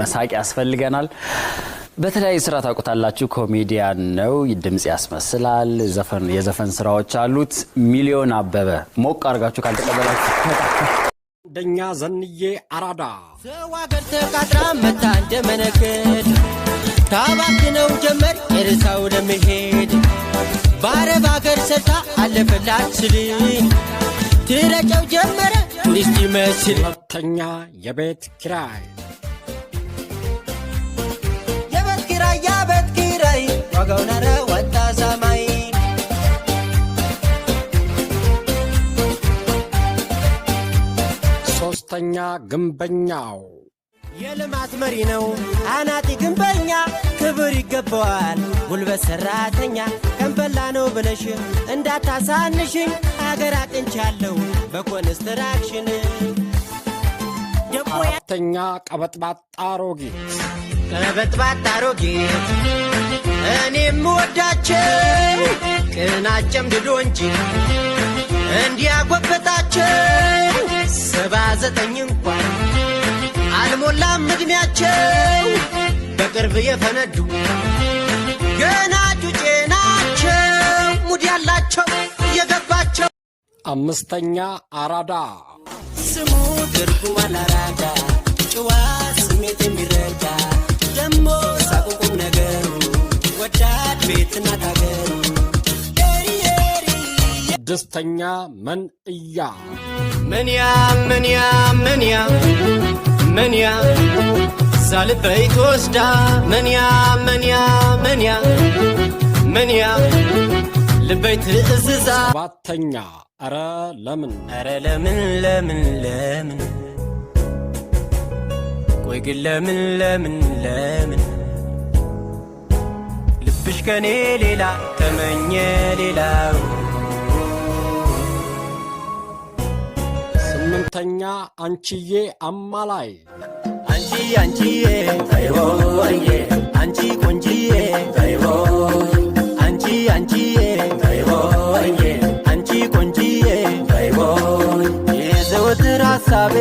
መሳቅ ያስፈልገናል። በተለያዩ ስራ ታውቁታላችሁ። ኮሜዲያን ነው፣ ድምፅ ያስመስላል፣ የዘፈን ስራዎች አሉት። ሚሊዮን አበበ ሞቅ አድርጋችሁ ካልተቀበላችሁ አንደኛ ዘንዬ አራዳ ሰው አገር ተቃጥራ መታ እንደመነገድ ነው ጀመር የርሳው ለመሄድ በአረብ አገር ሰርታ አለፈላችል ትረጨው ጀመረ ቱሪስት ይመስል ሁለተኛ የቤት ኪራይ ሶስተኛ ግንበኛው የልማት መሪ ነው አናጢ ግንበኛ፣ ክብር ይገባዋል ጉልበት ሠራተኛ። ከንበላ ነው ብለሽ እንዳታሳንሽኝ፣ አገር አቅንቻለሁ በኮንስትራክሽን። አራተኛ ቀበጥባጣ ሮጌ ቀበጥባጣ ሮጌ እኔም ወዳቸው ቅናጨም ጨምድዶ እንጂ እንዲያጎበጣቸው አርባ ዘጠኝ እንኳን አልሞላም ዕድሜያቸው በቅርብ የፈነዱ ገና ጩጬ ናቸው ሙድ ያላቸው የገባቸው። አምስተኛ አራዳ ስሙ ትርጉም አላራዳ ጭዋ ስድስተኛ መንእያ መንያ መንያ መንያ መንያ ሳልበይ ወስዳ መንያ መንያ መንያ መንያ ልበይ ትእዝዛ ሰባተኛ ኧረ ለምን ኧረ ለምን ለምን ለምን ቆይ ግን ለምን ለምን ለምን ልብሽ ከኔ ሌላ ተመኘ ሌላው ሁለተኛ አንቺዬ አማላይ አንቺ አንቺዬ ታይቦ አየ አንቺ ቆንጂዬ ታይቦ አንቺ አንቺዬ ታይቦ አየ አንቺ ቆንጂዬ ታይቦ የዘወትር ሀሳቤ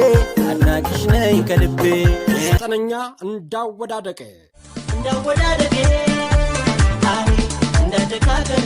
አድናቂሽ ነኝ ከልቤ ዘጠነኛ እንዳወዳደቀ እንዳወዳደቄ አይ እንዳደቃቀሜ